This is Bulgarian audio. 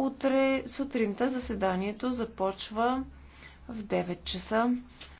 Утре сутринта заседанието започва в 9 часа.